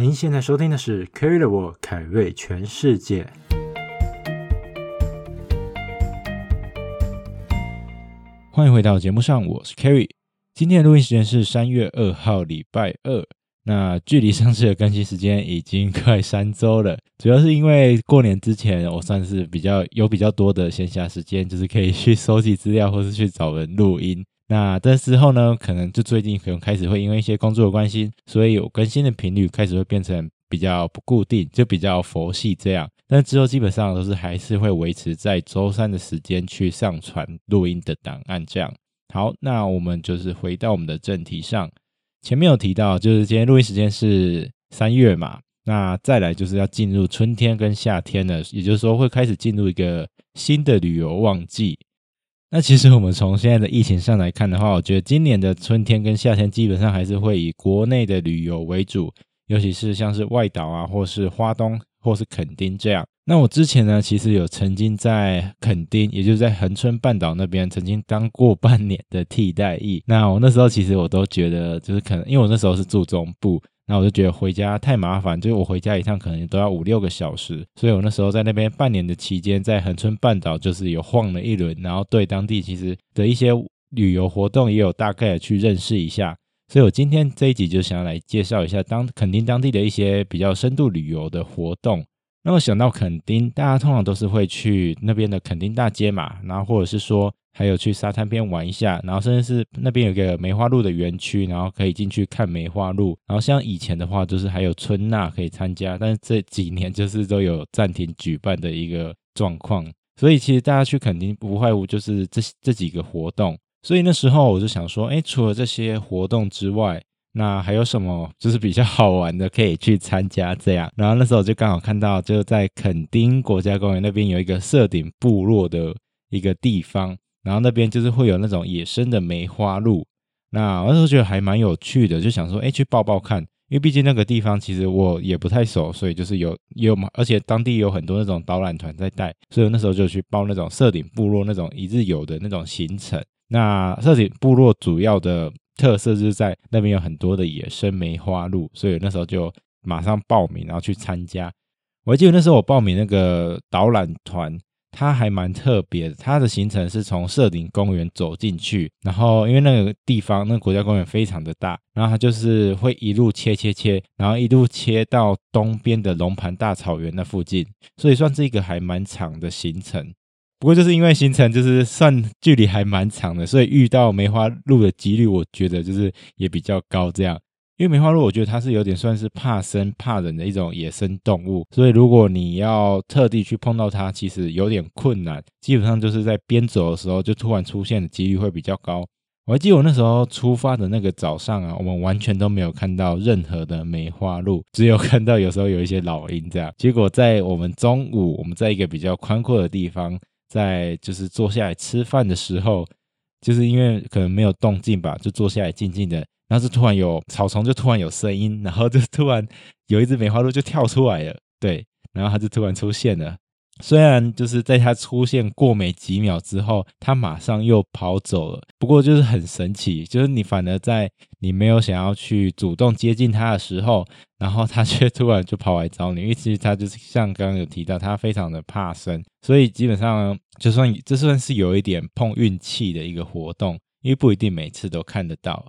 您現在收聽的是《Kerry the world》凱瑞全世界，歡迎回到節目上，我是 Kerry。今天的錄音時間是三月二號禮拜二，那距離上次的更新時間已經快三周了。主要是因為過年之前，我算是比較有比較多的閒暇時間，就是可以去搜集資料，或是去找人錄音。那但之後呢，可能就最近可能開始會因為一些工作的關係，所以有更新的頻率開始會變成比較不固定，就比較佛系這樣。但之後基本上都是還是會維持在周三的時間去上傳錄音的檔案這樣。好，那我們就是回到我們的正題上，前面有提到就是今天錄音時間是三月嘛，那再來就是要進入春天跟夏天了，也就是說會開始進入一個新的旅遊旺季。那其實我們從現在的疫情上來看的話，我覺得今年的春天跟夏天基本上還是會以國內的旅遊為主，尤其是像是外島啊，或是花東或是墾丁這樣。那我之前呢，其實有曾經在墾丁，也就是在恆春半島那邊，曾經當過半年的替代役。那我那時候其實我都覺得，就是可能因為我那時候是住中部。那我就覺得回家太麻煩，就是我回家一趟可能都要五六個小時，所以我那時候在那邊半年的期間，在恆春半島就是有晃了一輪，然後對當地其實的一些旅遊活動也有大概的去認識一下。所以我今天這一集就想要來介紹一下當墾丁當地的一些比較深度旅遊的活動。那麼想到墾丁，大家通常都是會去那邊的墾丁大街嘛，然後或者是說。還有去沙灘邊玩一下，然後甚至是那邊有一個梅花鹿的園區，然後可以進去看梅花鹿。然後像以前的話，就是還有春吶可以參加，但是這幾年就是都有暫停舉辦的一個狀況。所以其實大家去墾丁，不外乎就是這這幾個活動。所以那時候我就想說，哎，除了這些活動之外，那還有什麼就是比較好玩的可以去參加？這樣，然後那時候我就剛好看到，就在墾丁國家公園那邊有一個社頂部落的一個地方，然後那邊就是會有那種野生的梅花鹿，那我那時候覺得還蠻有趣的，就想說，哎、欸，去報報看，因為畢竟那個地方其實我也不太熟，所以就是有有，而且當地有很多那種導覽團在帶，所以那時候就去報那種社頂部落那種一日遊的那種行程。那社頂部落主要的特色就是在那邊有很多的野生梅花鹿，所以那時候就馬上報名，然後去參加。我還記得那時候我報名那個導覽團。它還蠻特別的，它的行程是從社頂公園走進去，然後因為那個地方那個國家公園非常的大，然後它就是會一路切切切，然後一路切到東邊的龍盤大草原那附近，所以算是一個還蠻長的行程。不過就是因為行程就是算距離還蠻長的，所以遇到梅花鹿的幾率，我覺得就是也比較高這樣。因為梅花鹿，我覺得它是有點算是怕生、怕人的一種野生動物，所以如果你要特地去碰到它，其實有點困難。基本上就是在邊走的時候，就突然出現的幾率會比較高。我還記得我那時候出發的那個早上啊，我們完全都沒有看到任何的梅花鹿，只有看到有時候有一些老鷹這樣。結果在我們中午，我們在一個比較寬闊的地方，在就是坐下來吃飯的時候，就是因為可能沒有動靜吧，就坐下來靜靜的。然後就突然有草叢，就突然有聲音，然後就突然有一隻梅花鹿就跳出來了，對，然後它就突然出現了。雖然就是在它出現過沒幾秒之後，它馬上又跑走了。不過就是很神奇，就是你反而在你沒有想要去主動接近它的時候，然後它卻突然就跑來找你，因為其實它就是像剛剛有提到，它非常的怕生，所以基本上就算這算是有一點碰運氣的一個活動，因為不一定每次都看得到。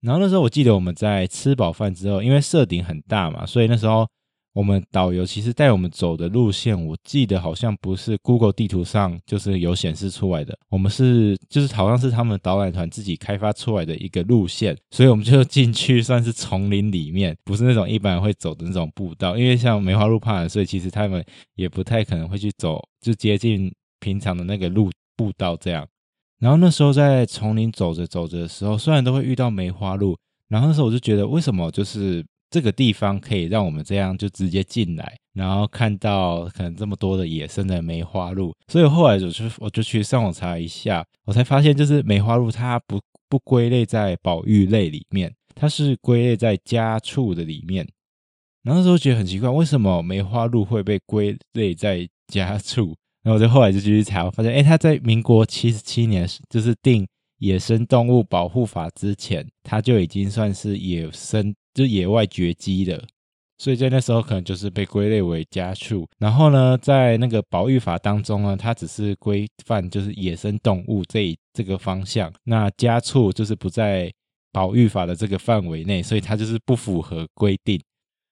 然後那時候我記得我們在吃飽飯之後，因為社頂很大嘛，所以那時候我們導遊其實帶我們走的路線，我記得好像不是 Google 地圖上就是有顯示出來的，我們是就是好像是他們導覽團自己開發出來的一個路線，所以我們就進去算是叢林裡面，不是那種一般會走的那種步道，因為像梅花鹿怕冷，所以其實他們也不太可能會去走就接近平常的那個路步道這樣。然後那時候在叢林走着走着的時候，雖然都會遇到梅花鹿，然後那時候我就覺得為什麼就是這個地方可以讓我們這樣就直接進來，然後看到可能這麼多的野生的梅花鹿，所以我後來我就我就去上網查一下，我才發現就是梅花鹿它不不歸類在保育類裡面，它是歸類在家畜的裡面。然後那時候我覺得很奇怪，為什麼梅花鹿會被歸類在家畜？然後我就後來就繼續查，我發現誒他在民國七十七年，就是定《野生動物保護法》之前，他就已經算是野生，就野外絕跡了，所以在那時候可能就是被歸類為家畜。然後呢，在那個保育法當中呢，它只是規範就是野生動物這這個方向，那家畜就是不在保育法的這個範圍內，所以它就是不符合規定。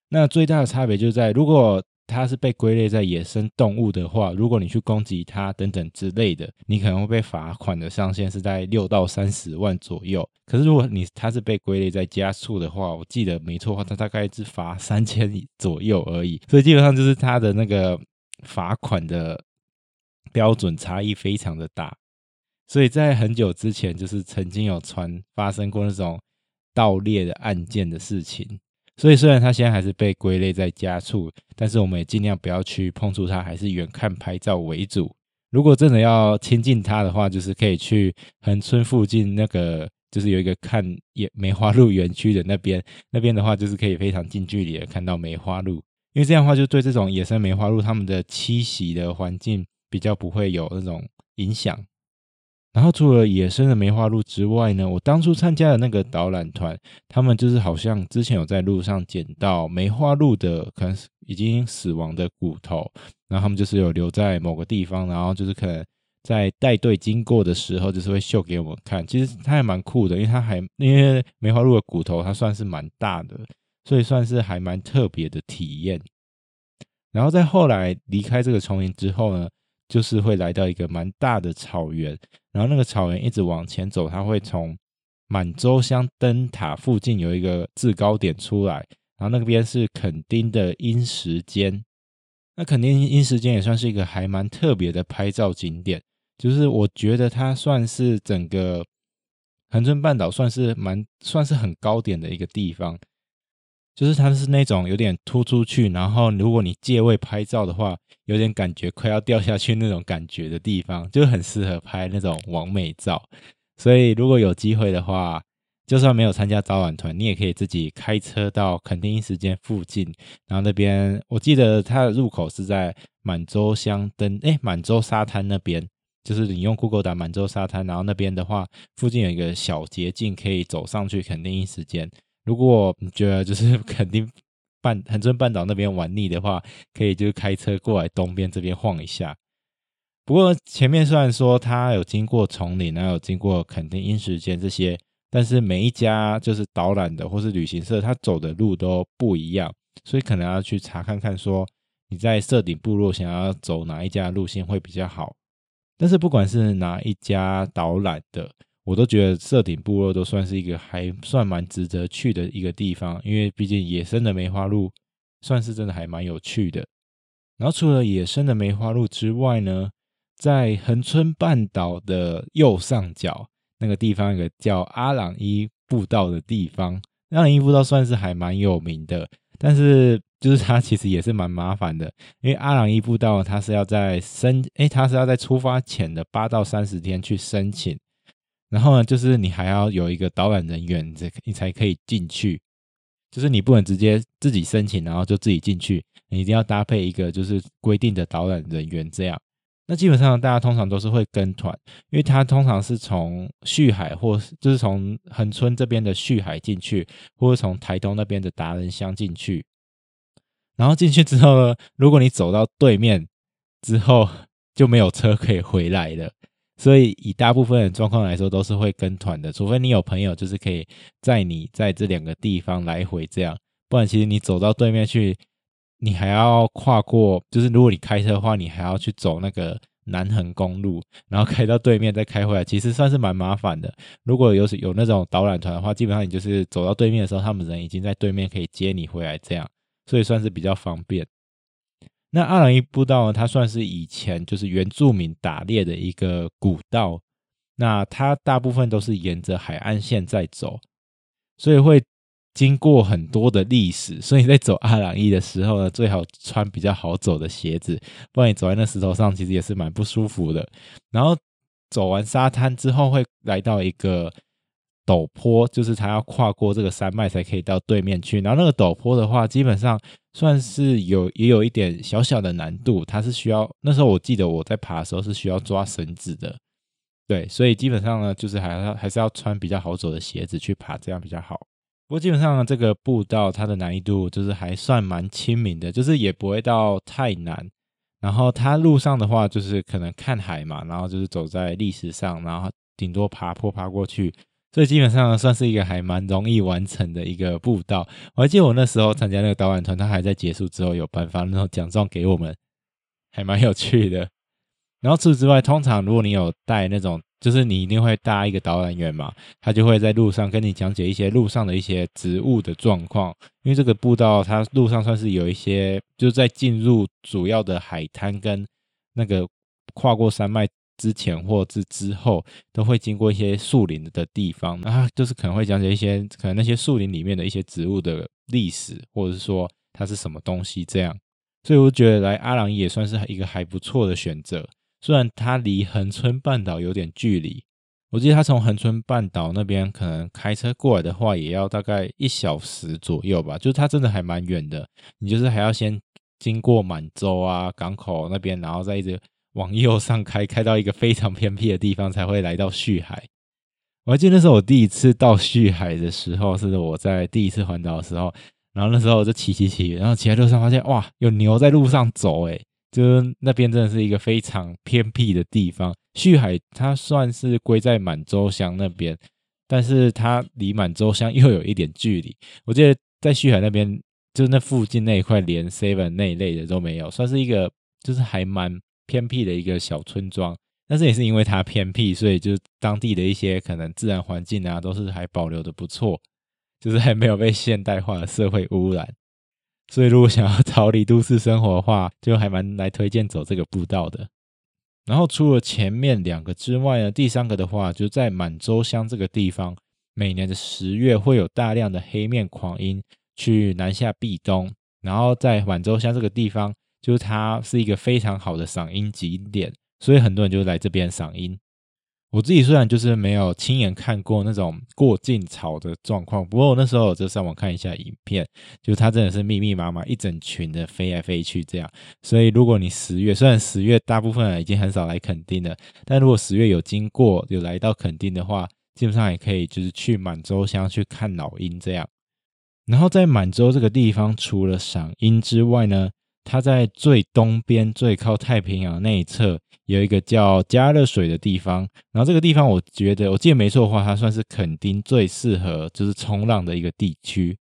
那最大的差別就在如果。它是被歸類在野生動物的話，如果你去攻擊它等等之類的，你可能會被罰款的上限是在六到三十萬左右。可是如果你它是被歸類在家畜的話，我記得沒錯的話，它大概是罰三千左右而已。所以基本上就是它的那個罰款的標準差異非常的大。所以在很久之前，就是曾經有傳發生過那種盜獵的案件的事情。所以，雖然它現在還是被歸類在家畜，但是我們也盡量不要去碰觸它，還是遠看拍照為主。如果真的要親近它的話，就是可以去恆春附近那個，就是有一個看野梅花鹿園區的那邊。那邊的話，就是可以非常近距離的看到梅花鹿，因為這樣的話就對這種野生梅花鹿它們的棲息的環境比較不會有那種影響。然後除了野生的梅花鹿之外呢，我當初參加的那個導覽團，他們就是好像之前有在路上撿到梅花鹿的，可能已經死亡的骨頭，然後他們就是有留在某個地方，然後就是可能在帶隊經過的時候，就是會秀給我們看。其實他還蠻酷的，因為他還因為梅花鹿的骨頭它算是蠻大的，所以算是還蠻特別的體驗。然後在後來離開這個叢林之後呢，就是會來到一個蠻大的草原，然後那個草原一直往前走，它會從滿州鄉燈塔附近有一個製高點出來，然後那邊是墾丁的鷹石尖。那墾丁鷹石尖也算是一個還蠻特別的拍照景點，就是我覺得它算是整個恆春半島算是蠻算是很高點的一個地方。就是它是那種有點突出去，然後如果你借位拍照的話，有點感覺快要掉下去那種感覺的地方，就很適合拍那種網美照。所以如果有機會的話，就算沒有參加早晚團，你也可以自己開車到墾丁一時間附近，然後那邊我記得它的入口是在滿洲鄉登，哎，滿洲沙灘那邊，就是你用 Google 打滿洲沙灘，然後那邊的話附近有一個小捷徑可以走上去墾丁一時間。如果你覺得就是墾丁半，恆春半島那邊玩膩的話，可以就開車過來東邊這邊晃一下。不過前面雖然說他有經過叢林，然後有經過墾丁因時間這些，但是每一家就是導覽的或是旅行社，他走的路都不一樣，所以可能要去查看看，說你在社頂部落想要走哪一家路線會比較好。但是不管是哪一家導覽的。我都覺得社頂部落都算是一個還算蠻值得去的一個地方，因為畢竟野生的梅花鹿算是真的還蠻有趣的。然後除了野生的梅花鹿之外呢，在恆春半島的右上角那個地方，有一個叫阿塱壹步道的地方，阿塱壹步道算是還蠻有名的，但是就是它其實也是蠻麻煩的，因為阿塱壹步道它是要在申，誒、欸，它是要在出發前的八到三十天去申請。然後呢，就是你還要有一個導覽人員，這你才可以進去。就是你不能直接自己申請，然後就自己進去，你一定要搭配一個就是規定的導覽人員這樣。那基本上大家通常都是會跟團，因為它通常是從旭海或就是從恆春這邊的旭海進去，或者從台東那邊的達仁鄉進去。然後進去之後呢，如果你走到對面之後，就沒有車可以回來了。所以，以大部分人的狀況來說，都是會跟團的，除非你有朋友，就是可以載你在這兩個地方來回這樣。不然，其實你走到對面去，你還要跨過，就是如果你開車的話，你還要去走那個南橫公路，然後開到對面再開回來，其實算是蠻麻煩的。如果有有那種導覽團的話，基本上你就是走到對面的時候，他們人已經在對面可以接你回來這樣，所以算是比較方便。那阿塱壹步道呢？它算是以前就是原住民打獵的一個古道，那它大部分都是沿着海岸線在走，所以會經過很多的歷史。所以你在走阿塱壹的時候呢，最好穿比較好走的鞋子，不然你走在那石頭上，其實也是蠻不舒服的。然後走完沙灘之後，會來到一個陡坡，就是它要跨過這個山脈才可以到對面去，然後那個陡坡的話，基本上算是有也有一點小小的難度，它是需要那時候我記得我在爬的時候是需要抓繩子的，對，所以基本上呢，就是還要還是要穿比較好走的鞋子去爬，這樣比較好。不過基本上呢，這個步道它的難易度就是還算蠻親民的，就是也不會到太難。然後它路上的話，就是可能看海嘛，然後就是走在歷史上，然後頂多爬坡爬過去。所以基本上算是一個還蠻容易完成的一個步道。我還記得我那時候參加那個導覽團，他還在結束之後有頒發那種獎狀給我們，還蠻有趣的。然後除此之外，通常如果你有帶那種，就是你一定會搭一個導覽員嘛，他就會在路上跟你講解一些路上的一些植物的狀況。因為這個步道它路上算是有一些，就是在進入主要的海灘跟那個跨過山脈。之前或之之後都會經過一些樹林的地方啊，然後就是可能會講解一些可能那些樹林裡面的一些植物的歷史，或者是說它是什麼東西這樣。所以我覺得來阿塱也算是一個還不錯的選擇，雖然它離恆春半島有點距離。我記得他從恆春半島那邊可能開車過來的話，也要大概一小時左右吧，就是它真的還蠻遠的。你就是還要先經過滿州啊港口那邊，然後再一直。往右上開，開到一個非常偏僻的地方才會來到旭海。我還記得那時候我第一次到旭海的時候，是我在第一次環島的時候。然後那時候我就騎騎騎，然後騎在路上發現哇，有牛在路上走，欸，哎，就是那邊真的是一個非常偏僻的地方。旭海它算是歸在滿洲鄉那邊，但是它離滿洲鄉又有一點距離。我記得在旭海那邊，就那附近那一塊連 seven 那一類的都沒有，算是一個就是還蠻。偏僻的一個小村莊，但是也是因為它偏僻，所以就當地的一些可能自然環境啊，都是還保留的不錯，就是還沒有被現代化的社會污染。所以如果想要逃離都市生活的話，就還蠻來推薦走這個步道的。然後除了前面兩個之外呢，第三個的話就在滿州鄉這個地方，每年的十月會有大量的黑面鵟鷹去南下避冬，然後在滿州鄉這個地方。就是它是一個非常好的賞鷹景點，所以很多人就來這邊賞鷹。我自己雖然就是沒有親眼看過那種過境潮的狀況，不過我那時候就上網看一下影片，就它真的是密密麻麻一整群的飛來飛去這樣。所以如果你十月，雖然十月大部分人已經很少來墾丁了，但如果十月有經過有來到墾丁的話，基本上也可以就是去滿洲鄉去看老鷹這樣。然後在滿洲這個地方，除了賞鷹之外呢，它在最東邊、最靠太平洋那一側，有一個叫加熱水的地方。然後這個地方，我覺得，我記得沒錯的話，它算是墾丁最適合就是衝浪的一個地區。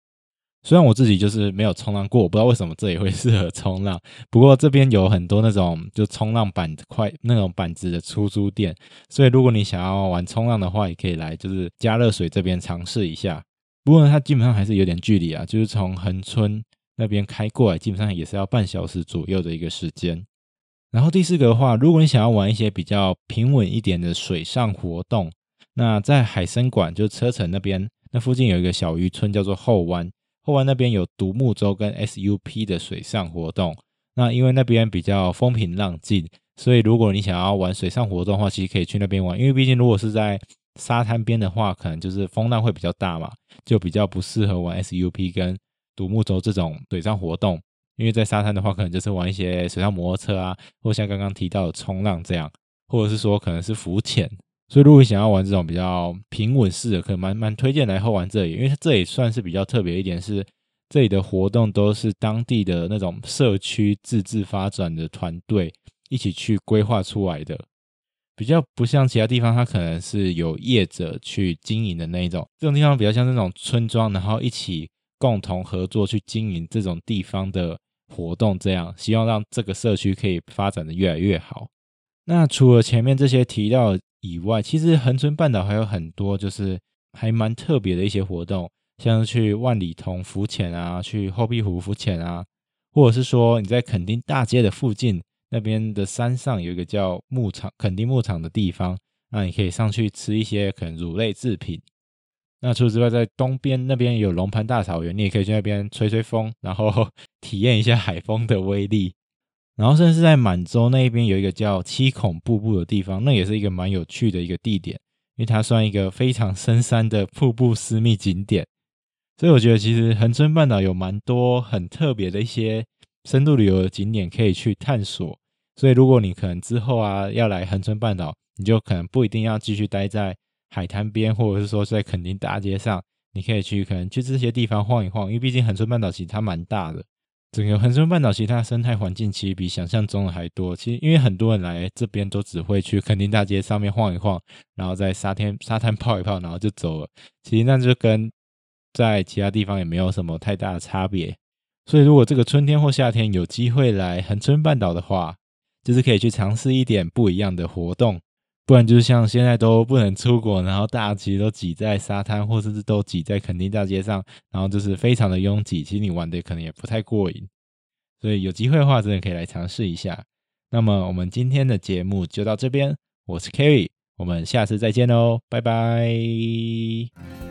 雖然我自己就是沒有衝浪過，我不知道為什麼這裡會適合衝浪。不過這邊有很多那種就衝浪板塊那種板子的出租店，所以如果你想要玩衝浪的話，也可以來就是加熱水這邊嘗試一下。不過呢，它基本上還是有點距離啊，就是從恆春。那邊開過來基本上也是要半小時左右的一個時間。然後第四個的話，如果你想要玩一些比較平穩一點的水上活動，那在海生館就是車城那邊，那附近有一個小漁村叫做後灣。後灣那邊有獨木舟跟 SUP 的水上活動。那因為那邊比較風平浪靜，所以如果你想要玩水上活動的話，其實可以去那邊玩。因為畢竟如果是在沙灘邊的話，可能就是風浪會比較大嘛，就比較不適合玩 SUP 跟。獨木舟這種水上活動，因為在沙灘的話，可能就是玩一些水上摩托車啊，或像剛剛提到的衝浪這樣，或者是說可能是浮潛。所以，如果想要玩這種比較平穩式的，可以蠻蠻推薦來後灣這裡，因為這裡算是比較特別一點，是這裡的活動都是當地的那種社區自治發展的團隊一起去規劃出來的，比較不像其他地方，它可能是有業者去經營的那一種。這種地方比較像那種村莊，然後一起。共同合作去經營這種地方的活動，這樣，希望讓這個社區可以發展的越來越好。那除了前面這些提到以外，其實恆春半島還有很多就是還蠻特別的一些活動，像是去萬里桐浮潛啊，去後壁湖浮潛啊，或者是說你在墾丁大街的附近那邊的山上有一個叫牧場、墾丁牧場的地方，那你可以上去吃一些墾丁乳類製品。那除此之外，在東邊那邊有龍盤大草原，你也可以去那邊吹吹風，然後 體驗一下海風的威力。然後甚至在滿洲那一邊有一個叫七孔瀑布的地方，那也是一個蠻有趣的一個地點，因為它算一個非常深山的瀑布私密景點。所以我覺得其實恆春半島有蠻多很特別的一些深度旅遊的景點可以去探索。所以如果你可能之後啊要來恆春半島，你就可能不一定要繼續待在。海灘邊，或者是說在墾丁大街上，你可以去，可能去這些地方晃一晃。因為畢竟恆春半島其實它蠻大的，整個恆春半島其實它生態環境其實比想象中的還多。其實因為很多人來這邊都只會去墾丁大街上面晃一晃，然後在沙灘沙灘泡一泡，然後就走了。其實那就跟在其他地方也沒有什麼太大的差別。所以如果這個春天或夏天有機會來恆春半島的話，就是可以去嘗試一點不一樣的活動。不然就像現在都不能出國，然後大家其實都擠在沙灘，或者是都擠在墾丁大街上，然後就是非常的擁擠。其實你玩的可能也不太過癮，所以有機會的話，真的可以來嘗試一下。那麼我們今天的節目就到這邊，我是 Kerry，我們下次再見哦，拜拜。